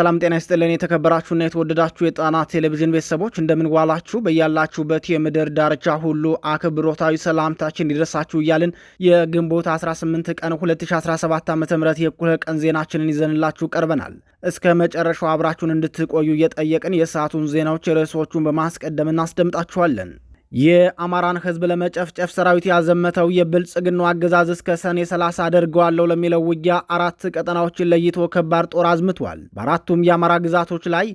ሰላም ጤና ይስጥልን። የተከበራችሁና የተወደዳችሁ የጣና ቴሌቪዥን ቤተሰቦች እንደምንዋላችሁ፣ በያላችሁበት የምድር ዳርቻ ሁሉ አክብሮታዊ ሰላምታችን ይድረሳችሁ እያልን የግንቦት 18 ቀን 2017 ዓ ም የእኩለ ቀን ዜናችንን ይዘንላችሁ ቀርበናል። እስከ መጨረሻው አብራችሁን እንድትቆዩ እየጠየቅን የሰዓቱን ዜናዎች ርዕሶቹን በማስቀደም እናስደምጣችኋለን። የአማራን ህዝብ ለመጨፍጨፍ ሰራዊት ያዘመተው የብልጽግናው አገዛዝ እስከ ሰኔ 30 አደርገዋለሁ ለሚለው ውጊያ አራት ቀጠናዎችን ለይቶ ከባድ ጦር አዝምቷል። በአራቱም የአማራ ግዛቶች ላይ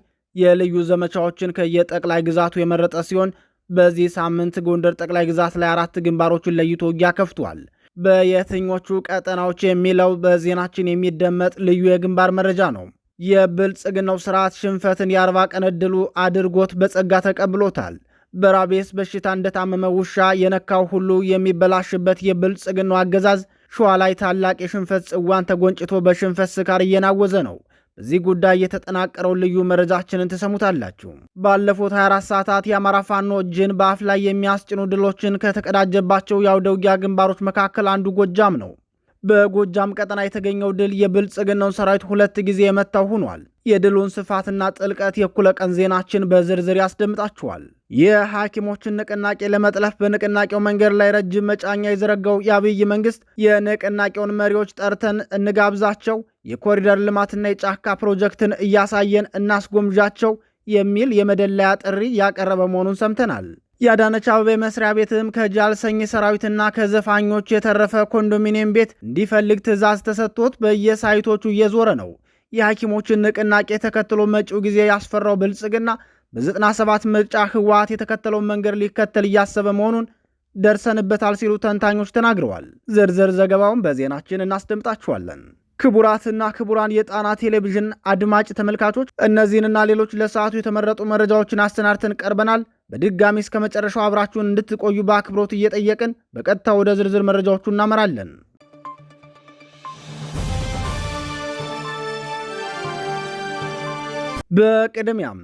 የልዩ ዘመቻዎችን ከየጠቅላይ ግዛቱ የመረጠ ሲሆን በዚህ ሳምንት ጎንደር ጠቅላይ ግዛት ላይ አራት ግንባሮችን ለይቶ ውጊያ ከፍቷል። በየትኞቹ ቀጠናዎች የሚለው በዜናችን የሚደመጥ ልዩ የግንባር መረጃ ነው። የብልጽግናው ስርዓት ሽንፈትን የአርባ ቀን ዕድሉ አድርጎት በጸጋ ተቀብሎታል። በራቤስ በሽታ እንደታመመ ውሻ የነካው ሁሉ የሚበላሽበት የብልጽግናው አገዛዝ ሸዋ ላይ ታላቅ የሽንፈት ጽዋን ተጎንጭቶ በሽንፈት ስካር እየናወዘ ነው። በዚህ ጉዳይ የተጠናቀረው ልዩ መረጃችንን ትሰሙታላችሁ። ባለፉት 24 ሰዓታት የአማራ ፋኖ እጅን በአፍ ላይ የሚያስጭኑ ድሎችን ከተቀዳጀባቸው የአውደውጊያ ግንባሮች መካከል አንዱ ጎጃም ነው። በጎጃም ቀጠና የተገኘው ድል የብልጽግናውን ሰራዊት ሁለት ጊዜ የመታው ሆኗል። የድሉን ስፋትና ጥልቀት የእኩለ ቀን ዜናችን በዝርዝር ያስደምጣችኋል። የሐኪሞችን ንቅናቄ ለመጥለፍ በንቅናቄው መንገድ ላይ ረጅም መጫኛ የዘረጋው የአብይ መንግስት የንቅናቄውን መሪዎች ጠርተን እንጋብዛቸው፣ የኮሪደር ልማትና የጫካ ፕሮጀክትን እያሳየን እናስጎምዣቸው የሚል የመደለያ ጥሪ ያቀረበ መሆኑን ሰምተናል። የአዳነች አበቤ መስሪያ ቤትም ከጃልሰኝ ሰራዊትና ከዘፋኞች የተረፈ ኮንዶሚኒየም ቤት እንዲፈልግ ትዕዛዝ ተሰጥቶት በየሳይቶቹ እየዞረ ነው። የሐኪሞችን ንቅናቄ ተከትሎ መጪው ጊዜ ያስፈራው ብልጽግና በ97 ምርጫ ህወሓት የተከተለውን መንገድ ሊከተል እያሰበ መሆኑን ደርሰንበታል ሲሉ ተንታኞች ተናግረዋል። ዝርዝር ዘገባውን በዜናችን እናስደምጣችኋለን። ክቡራትና ክቡራን የጣና ቴሌቪዥን አድማጭ ተመልካቾች እነዚህንና ሌሎች ለሰዓቱ የተመረጡ መረጃዎችን አሰናድተን ቀርበናል። በድጋሚ እስከ መጨረሻው አብራችሁን እንድትቆዩ በአክብሮት እየጠየቅን በቀጥታ ወደ ዝርዝር መረጃዎቹ እናመራለን። በቅድሚያም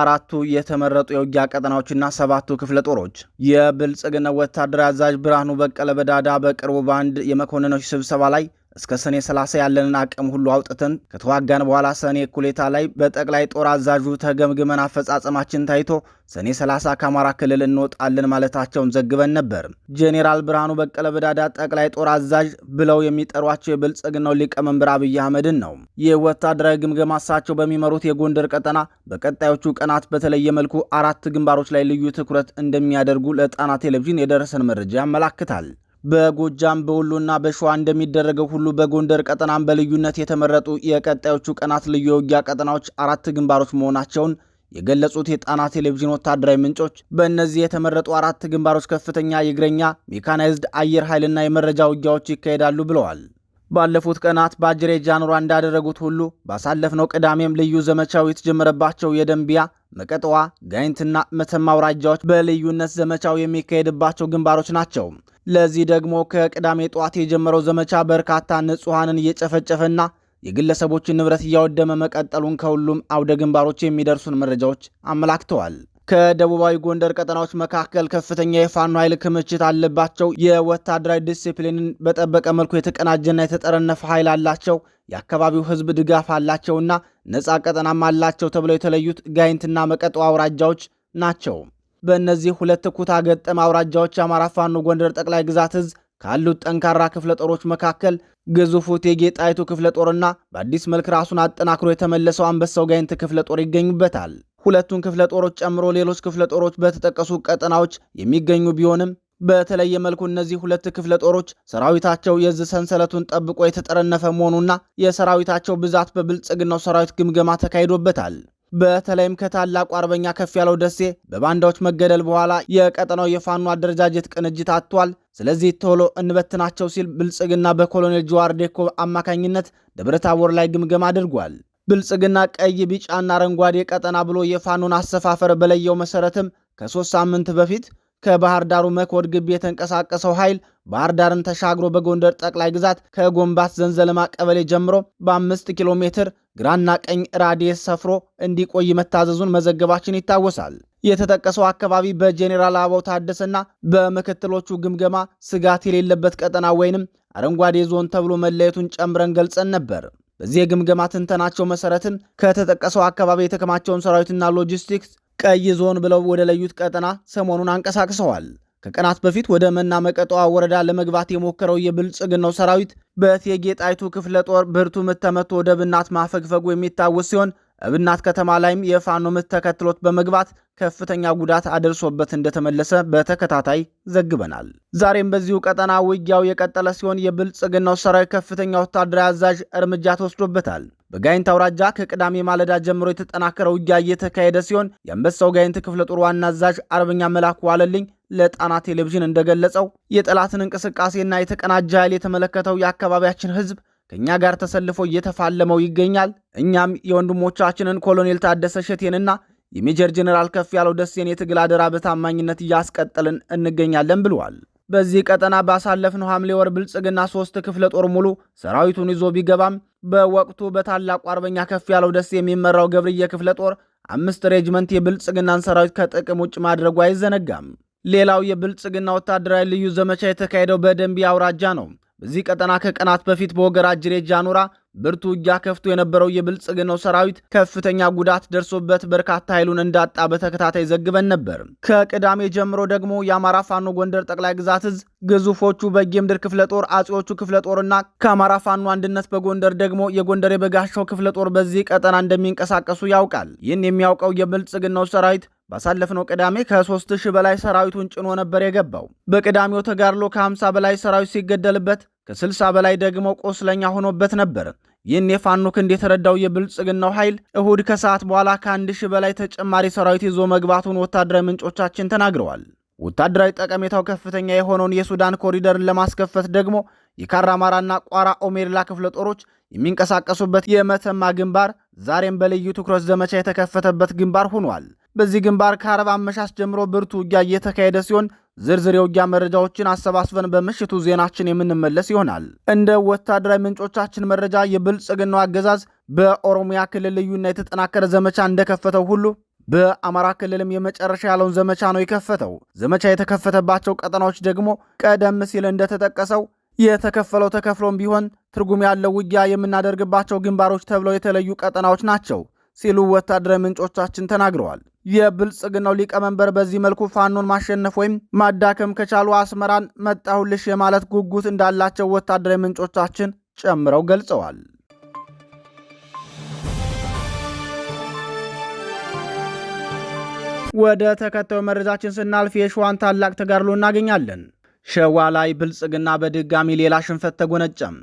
አራቱ የተመረጡ የውጊያ ቀጠናዎችና ሰባቱ ክፍለ ጦሮች የብልጽግና ወታደራዊ አዛዥ ብርሃኑ በቀለ በዳዳ በቅርቡ በአንድ የመኮንኖች ስብሰባ ላይ እስከ ሰኔ 30 ያለንን አቅም ሁሉ አውጥተን ከተዋጋን በኋላ ሰኔ እኩሌታ ላይ በጠቅላይ ጦር አዛዡ ተገምግመን አፈጻጸማችን ታይቶ ሰኔ 30 ከአማራ ክልል እንወጣለን ማለታቸውን ዘግበን ነበር። ጄኔራል ብርሃኑ በቀለ በዳዳ ጠቅላይ ጦር አዛዥ ብለው የሚጠሯቸው የብልጽግናው ሊቀመንበር አብይ አህመድን ነው። ይህ ወታደራዊ ግምገማ እሳቸው በሚመሩት የጎንደር ቀጠና በቀጣዮቹ ቀናት በተለየ መልኩ አራት ግንባሮች ላይ ልዩ ትኩረት እንደሚያደርጉ ለጣና ቴሌቪዥን የደረሰን መረጃ ያመላክታል። በጎጃም በወሎና በሸዋ እንደሚደረገው ሁሉ በጎንደር ቀጠናም በልዩነት የተመረጡ የቀጣዮቹ ቀናት ልዩ የውጊያ ቀጠናዎች አራት ግንባሮች መሆናቸውን የገለጹት የጣና ቴሌቪዥን ወታደራዊ ምንጮች በእነዚህ የተመረጡ አራት ግንባሮች ከፍተኛ የእግረኛ ሜካናይዝድ አየር ኃይልና የመረጃ ውጊያዎች ይካሄዳሉ ብለዋል። ባለፉት ቀናት በአጅሬ ጃንሯ እንዳደረጉት ሁሉ ባሳለፍነው ቅዳሜም ልዩ ዘመቻው የተጀመረባቸው የደንቢያ መቀጠዋ፣ ጋይንትና መተማ አውራጃዎች በልዩነት ዘመቻው የሚካሄድባቸው ግንባሮች ናቸው። ለዚህ ደግሞ ከቅዳሜ ጠዋት የጀመረው ዘመቻ በርካታ ንጹሐንን እየጨፈጨፈና የግለሰቦችን ንብረት እያወደመ መቀጠሉን ከሁሉም አውደ ግንባሮች የሚደርሱን መረጃዎች አመላክተዋል። ከደቡባዊ ጎንደር ቀጠናዎች መካከል ከፍተኛ የፋኖ ኃይል ክምችት አለባቸው፣ የወታደራዊ ዲሲፕሊንን በጠበቀ መልኩ የተቀናጀና የተጠረነፈ ኃይል አላቸው፣ የአካባቢው ሕዝብ ድጋፍ አላቸውና ነፃ ቀጠናም አላቸው ተብለው የተለዩት ጋይንትና መቀጠው አውራጃዎች ናቸው። በእነዚህ ሁለት ኩታ ገጠም አውራጃዎች የአማራ ፋኖ ጎንደር ጠቅላይ ግዛት እዝ ካሉት ጠንካራ ክፍለ ጦሮች መካከል ግዙፉ እቴጌ ጣይቱ ክፍለ ጦርና በአዲስ መልክ ራሱን አጠናክሮ የተመለሰው አንበሳው ጋይንት ክፍለ ጦር ይገኙበታል። ሁለቱን ክፍለ ጦሮች ጨምሮ ሌሎች ክፍለ ጦሮች በተጠቀሱ ቀጠናዎች የሚገኙ ቢሆንም በተለየ መልኩ እነዚህ ሁለት ክፍለ ጦሮች ሰራዊታቸው የዝ ሰንሰለቱን ጠብቆ የተጠረነፈ መሆኑና የሰራዊታቸው ብዛት በብልጽግናው ሰራዊት ግምገማ ተካሂዶበታል። በተለይም ከታላቁ አርበኛ ከፍ ያለው ደሴ በባንዳዎች መገደል በኋላ የቀጠናው የፋኖ አደረጃጀት ቅንጅት አጥቷል። ስለዚህ ቶሎ እንበትናቸው ሲል ብልጽግና በኮሎኔል ጀዋር ዴኮ አማካኝነት ደብረታቦር ላይ ግምገማ አድርጓል። ብልጽግና ቀይ፣ ቢጫና አረንጓዴ ቀጠና ብሎ የፋኖን አሰፋፈር በለየው መሰረትም ከሶስት ሳምንት በፊት ከባህር ዳሩ መኮድ ግቢ የተንቀሳቀሰው ኃይል ባህር ዳርን ተሻግሮ በጎንደር ጠቅላይ ግዛት ከጎንባት ዘንዘለማ ቀበሌ ጀምሮ በአምስት ኪሎ ሜትር ግራና ቀኝ ራዲየስ ሰፍሮ እንዲቆይ መታዘዙን መዘገባችን ይታወሳል። የተጠቀሰው አካባቢ በጄኔራል አበባው ታደሰና በምክትሎቹ ግምገማ ስጋት የሌለበት ቀጠና ወይንም አረንጓዴ ዞን ተብሎ መለየቱን ጨምረን ገልጸን ነበር። በዚህ የግምገማ ትንተናቸው መሰረትን ከተጠቀሰው አካባቢ የተከማቸውን ሰራዊትና ሎጂስቲክስ ቀይ ዞን ብለው ወደ ለዩት ቀጠና ሰሞኑን አንቀሳቅሰዋል። ከቀናት በፊት ወደ መቀጠዋ ወረዳ ለመግባት የሞከረው የብልጽግናው ሰራዊት በእቴጌ ጣይቱ ክፍለ ጦር ብርቱ ምት ተመቶ ወደ ብናት ማፈግፈጉ የሚታወስ ሲሆን እብናት ከተማ ላይም የፋኖ ምት ተከትሎት በመግባት ከፍተኛ ጉዳት አደርሶበት እንደተመለሰ በተከታታይ ዘግበናል። ዛሬም በዚሁ ቀጠና ውጊያው የቀጠለ ሲሆን የብልጽግናው ሰራዊት ከፍተኛ ወታደራዊ አዛዥ እርምጃ ተወስዶበታል። በጋይንት አውራጃ ከቅዳሜ ማለዳ ጀምሮ የተጠናከረ ውጊያ እየተካሄደ ሲሆን የአንበሳው ጋይንት ክፍለ ጦር ዋና አዛዥ አርበኛ መላኩ ዋለልኝ ለጣና ቴሌቪዥን እንደገለጸው የጠላትን እንቅስቃሴና የተቀናጀ ኃይል የተመለከተው የአካባቢያችን ህዝብ ከእኛ ጋር ተሰልፎ እየተፋለመው ይገኛል። እኛም የወንድሞቻችንን ኮሎኔል ታደሰ ሸቴንና የሜጀር ጀኔራል ከፍ ያለው ደሴን የትግል አደራ በታማኝነት እያስቀጠልን እንገኛለን ብለዋል። በዚህ ቀጠና ባሳለፍነው ሐምሌ ወር ብልጽግና ሶስት ክፍለ ጦር ሙሉ ሰራዊቱን ይዞ ቢገባም በወቅቱ በታላቁ አርበኛ ከፍ ያለው ደሴ የሚመራው ገብርዬ ክፍለ ጦር አምስት ሬጅመንት የብልጽግናን ሰራዊት ከጥቅም ውጭ ማድረጉ አይዘነጋም። ሌላው የብልጽግና ወታደራዊ ልዩ ዘመቻ የተካሄደው በደንብ አውራጃ ነው። በዚህ ቀጠና ከቀናት በፊት በወገራ ጅሬ ጃኑራ ብርቱ ውጊያ ከፍቶ የነበረው የብልጽግናው ሰራዊት ከፍተኛ ጉዳት ደርሶበት በርካታ ኃይሉን እንዳጣ በተከታታይ ዘግበን ነበር። ከቅዳሜ ጀምሮ ደግሞ የአማራ ፋኖ ጎንደር ጠቅላይ ግዛት እዝ ግዙፎቹ በጌምድር ክፍለ ጦር፣ አጼዎቹ ክፍለ ጦርና ከአማራ ፋኖ አንድነት በጎንደር ደግሞ የጎንደር የበጋሻው ክፍለ ጦር በዚህ ቀጠና እንደሚንቀሳቀሱ ያውቃል። ይህን የሚያውቀው የብልጽግናው ሰራዊት ባሳለፍነው ቅዳሜ ከ3000 በላይ ሰራዊቱን ጭኖ ነበር የገባው። በቅዳሜው ተጋድሎ ከ50 በላይ ሰራዊት ሲገደልበት ከ60 በላይ ደግሞ ቆስለኛ ሆኖበት ነበር። ይህን የፋኖ ክንድ የተረዳው የብልጽግናው ኃይል እሁድ ከሰዓት በኋላ ከአንድ ሺህ በላይ ተጨማሪ ሰራዊት ይዞ መግባቱን ወታደራዊ ምንጮቻችን ተናግረዋል። ወታደራዊ ጠቀሜታው ከፍተኛ የሆነውን የሱዳን ኮሪደርን ለማስከፈት ደግሞ የካራማራና ቋራ ኦሜርላ ክፍለ ጦሮች የሚንቀሳቀሱበት የመተማ ግንባር ዛሬም በልዩ ትኩረት ዘመቻ የተከፈተበት ግንባር ሆኗል። በዚህ ግንባር ከአረብ መሻስ ጀምሮ ብርቱ ውጊያ እየተካሄደ ሲሆን ዝርዝር የውጊያ መረጃዎችን አሰባስበን በምሽቱ ዜናችን የምንመለስ ይሆናል። እንደ ወታደራዊ ምንጮቻችን መረጃ የብልጽግናው አገዛዝ በኦሮሚያ ክልል ልዩና የተጠናከረ ዘመቻ እንደከፈተው ሁሉ በአማራ ክልልም የመጨረሻ ያለውን ዘመቻ ነው የከፈተው። ዘመቻ የተከፈተባቸው ቀጠናዎች ደግሞ ቀደም ሲል እንደተጠቀሰው የተከፈለው ተከፍሎም ቢሆን ትርጉም ያለው ውጊያ የምናደርግባቸው ግንባሮች ተብለው የተለዩ ቀጠናዎች ናቸው ሲሉ ወታደራዊ ምንጮቻችን ተናግረዋል። የብልጽግናው ሊቀመንበር በዚህ መልኩ ፋኖን ማሸነፍ ወይም ማዳከም ከቻሉ አስመራን መጣሁልሽ የማለት ጉጉት እንዳላቸው ወታደራዊ ምንጮቻችን ጨምረው ገልጸዋል። ወደ ተከታዩ መረጃችን ስናልፍ የሸዋን ታላቅ ተጋድሎ እናገኛለን። ሸዋ ላይ ብልጽግና በድጋሚ ሌላ ሽንፈት ተጎነጨም።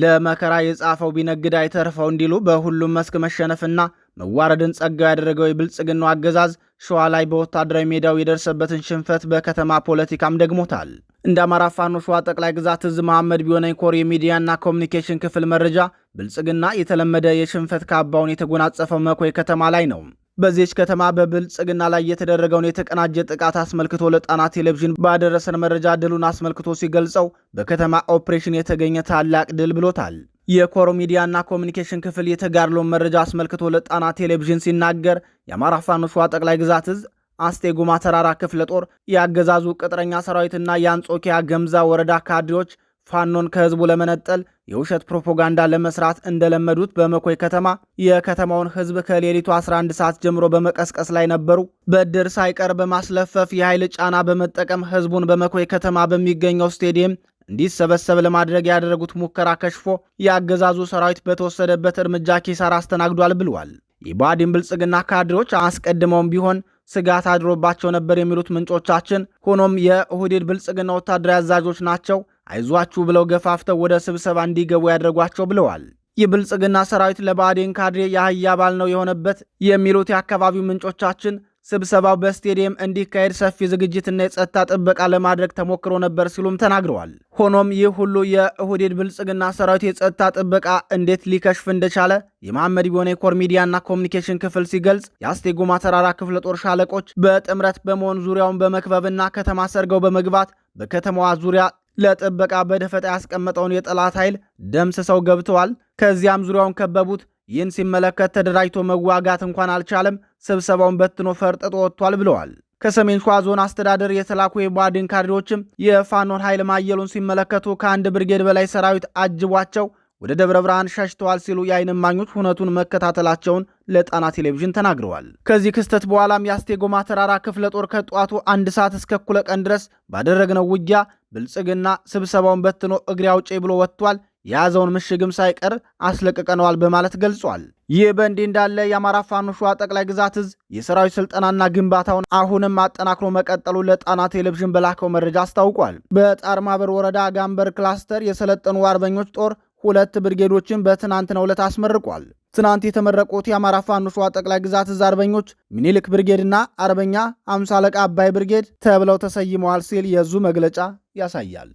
ለመከራ የጻፈው ቢነግድ አይተርፈው እንዲሉ በሁሉም መስክ መሸነፍና መዋረድን ጸጋው ያደረገው የብልጽግናው አገዛዝ ሸዋ ላይ በወታደራዊ ሜዳው የደረሰበትን ሽንፈት በከተማ ፖለቲካም ደግሞታል። እንደ አማራ ፋኖ ሸዋ ጠቅላይ ግዛት እዝ መሐመድ ቢሆነኝ ኮር የሚዲያና ኮሚኒኬሽን ክፍል መረጃ ብልጽግና የተለመደ የሽንፈት ካባውን የተጎናጸፈው መኮይ ከተማ ላይ ነው። በዚች ከተማ በብልጽግና ላይ የተደረገውን የተቀናጀ ጥቃት አስመልክቶ ለጣና ቴሌቪዥን ባደረሰን መረጃ ድሉን አስመልክቶ ሲገልጸው በከተማ ኦፕሬሽን የተገኘ ታላቅ ድል ብሎታል። የኮሮ ሚዲያና ኮሚኒኬሽን ክፍል የተጋድሎን መረጃ አስመልክቶ ለጣና ቴሌቪዥን ሲናገር የአማራ ፋኖ ሸዋ ጠቅላይ ግዛት እዝ አስቴጉማ ተራራ ክፍለ ጦር የአገዛዙ ቅጥረኛ ሰራዊትና የአንጾኪያ ገምዛ ወረዳ ካድሬዎች ፋኖን ከህዝቡ ለመነጠል የውሸት ፕሮፓጋንዳ ለመስራት እንደለመዱት በመኮይ ከተማ የከተማውን ህዝብ ከሌሊቱ 11 ሰዓት ጀምሮ በመቀስቀስ ላይ ነበሩ። በድር ሳይቀር በማስለፈፍ የኃይል ጫና በመጠቀም ህዝቡን በመኮይ ከተማ በሚገኘው ስቴዲየም እንዲሰበሰብ ለማድረግ ያደረጉት ሙከራ ከሽፎ የአገዛዙ ሰራዊት በተወሰደበት እርምጃ ኪሳራ አስተናግዷል ብለዋል። የባዲን ብልጽግና ካድሬዎች አስቀድመውም ቢሆን ስጋት አድሮባቸው ነበር የሚሉት ምንጮቻችን፣ ሆኖም የኦህዴድ ብልጽግና ወታደራዊ አዛዦች ናቸው አይዟችሁ ብለው ገፋፍተው ወደ ስብሰባ እንዲገቡ ያደርጓቸው ብለዋል። የብልጽግና ሰራዊት ለባዴን ካድሬ የአህያ ባል ነው የሆነበት የሚሉት የአካባቢው ምንጮቻችን ስብሰባው በስቴዲየም እንዲካሄድ ሰፊ ዝግጅትና የጸጥታ ጥበቃ ለማድረግ ተሞክሮ ነበር ሲሉም ተናግረዋል። ሆኖም ይህ ሁሉ የእሁዴድ ብልጽግና ሰራዊት የጸጥታ ጥበቃ እንዴት ሊከሽፍ እንደቻለ የመሐመድ ቢሆነ ኮር ሚዲያና ኮሚኒኬሽን ክፍል ሲገልጽ የአስቴጎማ ተራራ ክፍለ ጦር ሻለቆች በጥምረት በመሆን ዙሪያውን በመክበብና ከተማ ሰርገው በመግባት በከተማዋ ዙሪያ ለጥበቃ በደፈጣ ያስቀመጠውን የጠላት ኃይል ደምስሰው ገብተዋል። ከዚያም ዙሪያውን ከበቡት። ይህን ሲመለከት ተደራጅቶ መዋጋት እንኳን አልቻለም፣ ስብሰባውን በትኖ ፈርጥጦ ወጥቷል ብለዋል። ከሰሜን ሸዋ ዞን አስተዳደር የተላኩ የባድን ካድሬዎችም የፋኖን ኃይል ማየሉን ሲመለከቱ ከአንድ ብርጌድ በላይ ሰራዊት አጅቧቸው ወደ ደብረ ብርሃን ሸሽተዋል ሲሉ የአይን እማኞች ሁነቱን መከታተላቸውን ለጣና ቴሌቪዥን ተናግረዋል። ከዚህ ክስተት በኋላም የአስቴጎማ ተራራ ክፍለ ጦር ከጠዋቱ አንድ ሰዓት እስከ እኩለ ቀን ድረስ ባደረግነው ውጊያ ብልጽግና ስብሰባውን በትኖ እግሬ አውጪ ብሎ ወጥቷል። የያዘውን ምሽግም ሳይቀር አስለቅቀነዋል በማለት ገልጿል። ይህ በእንዲህ እንዳለ የአማራ ፋኖ ሸዋ ጠቅላይ ግዛት እዝ የሰራዊት ስልጠናና ግንባታውን አሁንም አጠናክሮ መቀጠሉ ለጣና ቴሌቪዥን በላከው መረጃ አስታውቋል። በጣርማበር ወረዳ ጋምበር ክላስተር የሰለጠኑ አርበኞች ጦር ሁለት ብርጌዶችን በትናንትናው ዕለት አስመርቋል። ትናንት የተመረቁት የአማራ ፋኖ ሸዋ ጠቅላይ ግዛት እዝ አርበኞች ምኒልክ ብርጌድና አርበኛ አምሳ አለቃ አባይ ብርጌድ ተብለው ተሰይመዋል ሲል የዙ መግለጫ ያሳያል።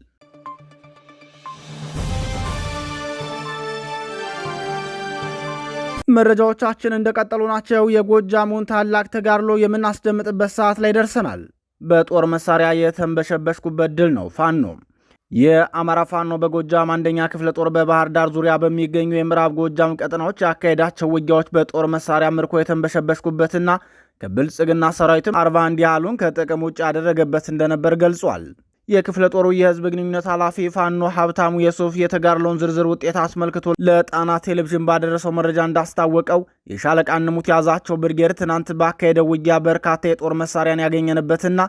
መረጃዎቻችን እንደቀጠሉ ናቸው። የጎጃሙን ታላቅ ተጋድሎ የምናስደምጥበት ሰዓት ላይ ደርሰናል። በጦር መሳሪያ የተንበሸበሽኩበት ድል ነው ፋኖ የአማራ ፋኖ በጎጃም አንደኛ ክፍለ ጦር በባህር ዳር ዙሪያ በሚገኙ የምዕራብ ጎጃም ቀጠናዎች ያካሄዳቸው ውጊያዎች በጦር መሳሪያ ምርኮ የተንበሸበሽኩበትና ከብልጽግና ሰራዊትም አንድ ያህሉን ከጥቅም ውጭ ያደረገበት እንደነበር ገልጿል። የክፍለ ጦሩ የህዝብ ግንኙነት ኃላፊ ፋኖ ሀብታሙ የሱፍ የተጋድሎውን ዝርዝር ውጤት አስመልክቶ ለጣና ቴሌቪዥን ባደረሰው መረጃ እንዳስታወቀው የሻለቃ ንሙት ያዛቸው ብርጌር ትናንት ባካሄደው ውጊያ በርካታ የጦር መሳሪያን ያገኘንበትና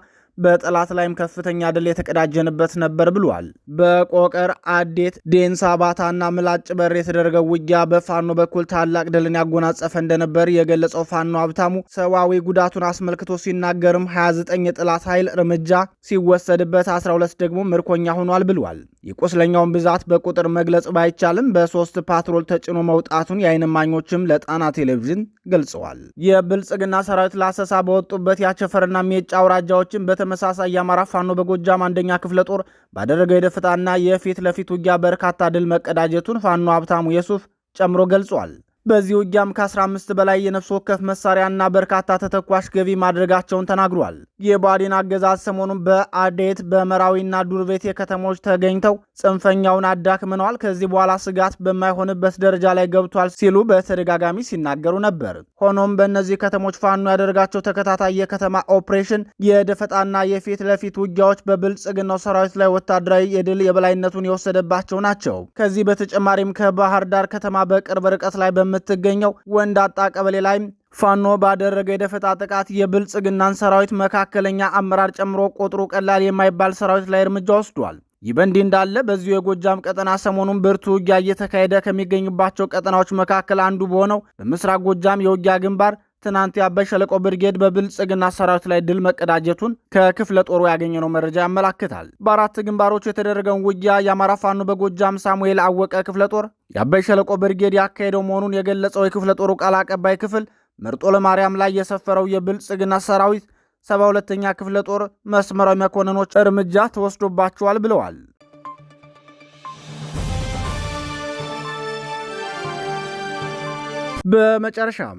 በጠላት ላይም ከፍተኛ ድል የተቀዳጀንበት ነበር ብሏል። በቆቀር አዴት፣ ዴንሳ፣ ባታና ምላጭ በር የተደረገው ውጊያ በፋኖ በኩል ታላቅ ድልን ያጎናጸፈ እንደነበር የገለጸው ፋኖ ሀብታሙ ሰብአዊ ጉዳቱን አስመልክቶ ሲናገርም 29 የጠላት ኃይል እርምጃ ሲወሰድበት 12 ደግሞ ምርኮኛ ሆኗል ብሏል። የቁስለኛውን ብዛት በቁጥር መግለጽ ባይቻልም በሶስት ፓትሮል ተጭኖ መውጣቱን የአይን እማኞችም ለጣና ቴሌቪዥን ገልጸዋል። የብልጽግና ሰራዊት ላሰሳ በወጡበት ያቸፈርና ሜጫ አውራጃዎችን በተ በተመሳሳይ የአማራ ፋኖ በጎጃም አንደኛ ክፍለ ጦር ባደረገው የደፈጣና የፊት ለፊት ውጊያ በርካታ ድል መቀዳጀቱን ፋኖ ሀብታሙ የሱፍ ጨምሮ ገልጿል። በዚህ ውጊያም ከ15 በላይ የነፍስ ወከፍ መሳሪያና በርካታ ተተኳሽ ገቢ ማድረጋቸውን ተናግሯል። የባዲን አገዛዝ ሰሞኑን በአዴት በመራዊና ዱርቤቴ ከተሞች ተገኝተው ጽንፈኛውን አዳክምነዋል፣ ከዚህ በኋላ ስጋት በማይሆንበት ደረጃ ላይ ገብቷል ሲሉ በተደጋጋሚ ሲናገሩ ነበር። ሆኖም በእነዚህ ከተሞች ፋኖ ያደርጋቸው ተከታታይ የከተማ ኦፕሬሽን፣ የደፈጣና የፊት ለፊት ውጊያዎች በብልጽግናው ሰራዊት ላይ ወታደራዊ የድል የበላይነቱን የወሰደባቸው ናቸው። ከዚህ በተጨማሪም ከባህር ዳር ከተማ በቅርብ ርቀት ላይ በም በምትገኘው ወንዳጣ ቀበሌ ላይ ፋኖ ባደረገ የደፈጣ ጥቃት የብልጽግናን ሰራዊት መካከለኛ አመራር ጨምሮ ቁጥሩ ቀላል የማይባል ሰራዊት ላይ እርምጃ ወስዷል። ይህ በእንዲህ እንዳለ በዚሁ የጎጃም ቀጠና ሰሞኑን ብርቱ ውጊያ እየተካሄደ ከሚገኝባቸው ቀጠናዎች መካከል አንዱ በሆነው በምስራቅ ጎጃም የውጊያ ግንባር ትናንት የአባይ ሸለቆ ብርጌድ በብልጽግና ሰራዊት ላይ ድል መቀዳጀቱን ከክፍለ ጦሩ ያገኘነው መረጃ ያመላክታል። በአራት ግንባሮች የተደረገውን ውጊያ የአማራ ፋኖ በጎጃም ሳሙኤል አወቀ ክፍለ ጦር የአባይ ሸለቆ ብርጌድ ያካሄደው መሆኑን የገለጸው የክፍለ ጦሩ ቃል አቀባይ ክፍል መርጦ ለማርያም ላይ የሰፈረው የብልጽግና ሰራዊት ሰባ ሁለተኛ ክፍለ ጦር መስመራዊ መኮንኖች እርምጃ ተወስዶባቸዋል ብለዋል። በመጨረሻም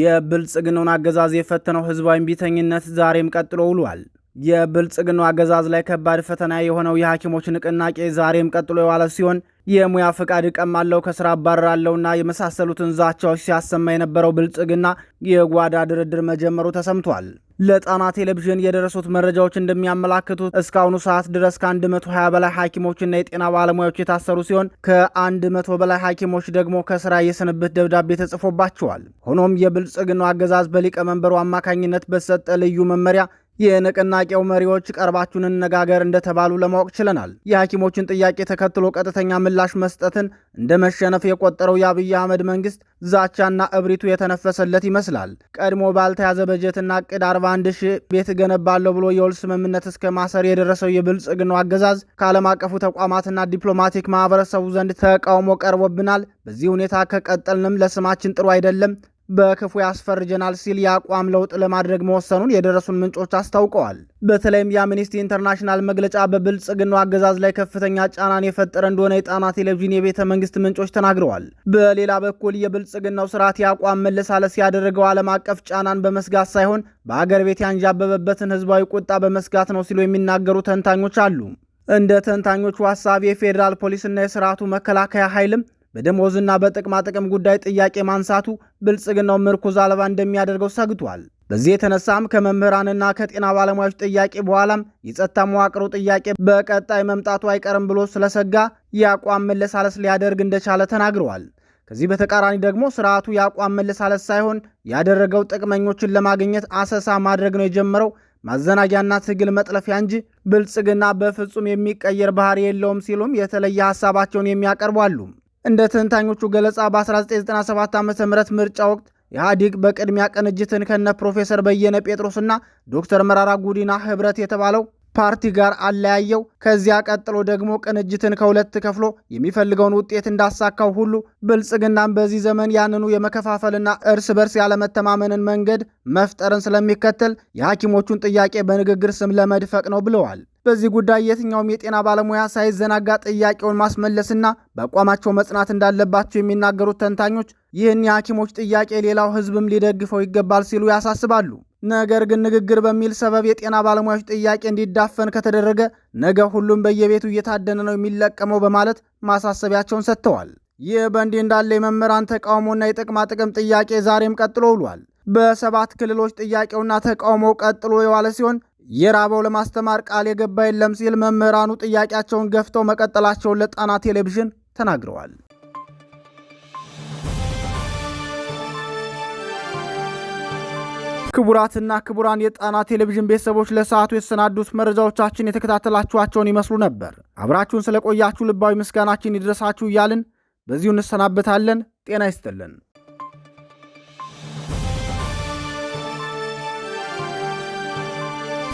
የብልጽግናውን አገዛዝ የፈተነው ህዝባዊ እምቢተኝነት ዛሬም ቀጥሎ ውሏል። የብልጽግናው አገዛዝ ላይ ከባድ ፈተና የሆነው የሐኪሞች ንቅናቄ ዛሬም ቀጥሎ የዋለ ሲሆን የሙያ ፈቃድ እቀማለሁ፣ ከስራ አባረራለሁና የመሳሰሉትን ዛቻዎች ሲያሰማ የነበረው ብልጽግና የጓዳ ድርድር መጀመሩ ተሰምቷል። ለጣና ቴሌቪዥን የደረሱት መረጃዎች እንደሚያመላክቱት እስካሁኑ ሰዓት ድረስ ከ120 በላይ ሐኪሞችና የጤና ባለሙያዎች የታሰሩ ሲሆን ከ100 በላይ ሐኪሞች ደግሞ ከስራ የስንብት ደብዳቤ ተጽፎባቸዋል። ሆኖም የብልጽግናው አገዛዝ በሊቀመንበሩ አማካኝነት በሰጠ ልዩ መመሪያ የንቅናቄው መሪዎች ቀርባችሁን እንነጋገር እንደተባሉ ለማወቅ ችለናል። የሐኪሞችን ጥያቄ ተከትሎ ቀጥተኛ ምላሽ መስጠትን እንደ መሸነፍ የቆጠረው የአብይ አህመድ መንግስት ዛቻና እብሪቱ የተነፈሰለት ይመስላል። ቀድሞ ባልተያዘ በጀትና ቅድ 41 ሺህ ቤት እገነባለሁ ብሎ የውል ስምምነት እስከ ማሰር የደረሰው የብልጽግናው አገዛዝ ከዓለም አቀፉ ተቋማትና ዲፕሎማቲክ ማህበረሰቡ ዘንድ ተቃውሞ ቀርቦብናል፣ በዚህ ሁኔታ ከቀጠልንም ለስማችን ጥሩ አይደለም፣ በክፉ ያስፈርጀናል ሲል የአቋም ለውጥ ለማድረግ መወሰኑን የደረሱን ምንጮች አስታውቀዋል። በተለይም የአምኒስቲ ኢንተርናሽናል መግለጫ በብልጽግናው አገዛዝ ላይ ከፍተኛ ጫናን የፈጠረ እንደሆነ የጣና ቴሌቪዥን የቤተ መንግስት ምንጮች ተናግረዋል። በሌላ በኩል የብልጽግናው ስርዓት የአቋም መለሳለስ ያደረገው ዓለም አቀፍ ጫናን በመስጋት ሳይሆን በአገር ቤት ያንዣበበበትን ህዝባዊ ቁጣ በመስጋት ነው ሲሉ የሚናገሩ ተንታኞች አሉ። እንደ ተንታኞቹ ሀሳብ የፌዴራል ፖሊስና የስርዓቱ መከላከያ ኃይልም በደሞዝና በጥቅማ ጥቅም ጉዳይ ጥያቄ ማንሳቱ ብልጽግናው ምርኩዝ አልባ እንደሚያደርገው ሰግቷል። በዚህ የተነሳም ከመምህራንና ከጤና ባለሙያዎች ጥያቄ በኋላም የጸጥታ መዋቅሩ ጥያቄ በቀጣይ መምጣቱ አይቀርም ብሎ ስለሰጋ የአቋም መለሳለስ ሊያደርግ እንደቻለ ተናግረዋል። ከዚህ በተቃራኒ ደግሞ ስርዓቱ የአቋም መለሳለስ ሳይሆን ያደረገው ጥቅመኞችን ለማግኘት አሰሳ ማድረግ ነው የጀመረው ማዘናጊያና ትግል መጥለፊያ እንጂ ብልጽግና በፍጹም የሚቀየር ባህሪ የለውም ሲሉም የተለየ ሀሳባቸውን የሚያቀርቡ እንደ ትንታኞቹ ገለጻ በ1997 ዓ ም ምርጫ ወቅት ኢህአዲግ በቅድሚያ ቅንጅትን ከነ ፕሮፌሰር በየነ ጴጥሮስና ዶክተር መራራ ጉዲና ህብረት የተባለው ፓርቲ ጋር አለያየው። ከዚያ ቀጥሎ ደግሞ ቅንጅትን ከሁለት ከፍሎ የሚፈልገውን ውጤት እንዳሳካው ሁሉ ብልጽግናም በዚህ ዘመን ያንኑ የመከፋፈልና እርስ በርስ ያለመተማመንን መንገድ መፍጠርን ስለሚከተል የሐኪሞቹን ጥያቄ በንግግር ስም ለመድፈቅ ነው ብለዋል። በዚህ ጉዳይ የትኛውም የጤና ባለሙያ ሳይዘናጋ ጥያቄውን ማስመለስና በአቋማቸው መጽናት እንዳለባቸው የሚናገሩት ተንታኞች ይህን የሐኪሞች ጥያቄ ሌላው ሕዝብም ሊደግፈው ይገባል ሲሉ ያሳስባሉ። ነገር ግን ንግግር በሚል ሰበብ የጤና ባለሙያዎች ጥያቄ እንዲዳፈን ከተደረገ ነገ ሁሉም በየቤቱ እየታደነ ነው የሚለቀመው በማለት ማሳሰቢያቸውን ሰጥተዋል። ይህ በእንዲህ እንዳለ የመምህራን ተቃውሞና የጥቅማ ጥቅም ጥያቄ ዛሬም ቀጥሎ ውሏል። በሰባት ክልሎች ጥያቄውና ተቃውሞው ቀጥሎ የዋለ ሲሆን የራበው ለማስተማር ቃል የገባ የለም ሲል መምህራኑ ጥያቄያቸውን ገፍተው መቀጠላቸውን ለጣና ቴሌቪዥን ተናግረዋል። ክቡራትና ክቡራን የጣና ቴሌቪዥን ቤተሰቦች ለሰዓቱ የተሰናዱት መረጃዎቻችን የተከታተላችኋቸውን ይመስሉ ነበር። አብራችሁን ስለቆያችሁ ልባዊ ምስጋናችን ይድረሳችሁ እያልን በዚሁ እንሰናበታለን። ጤና ይስጥልን።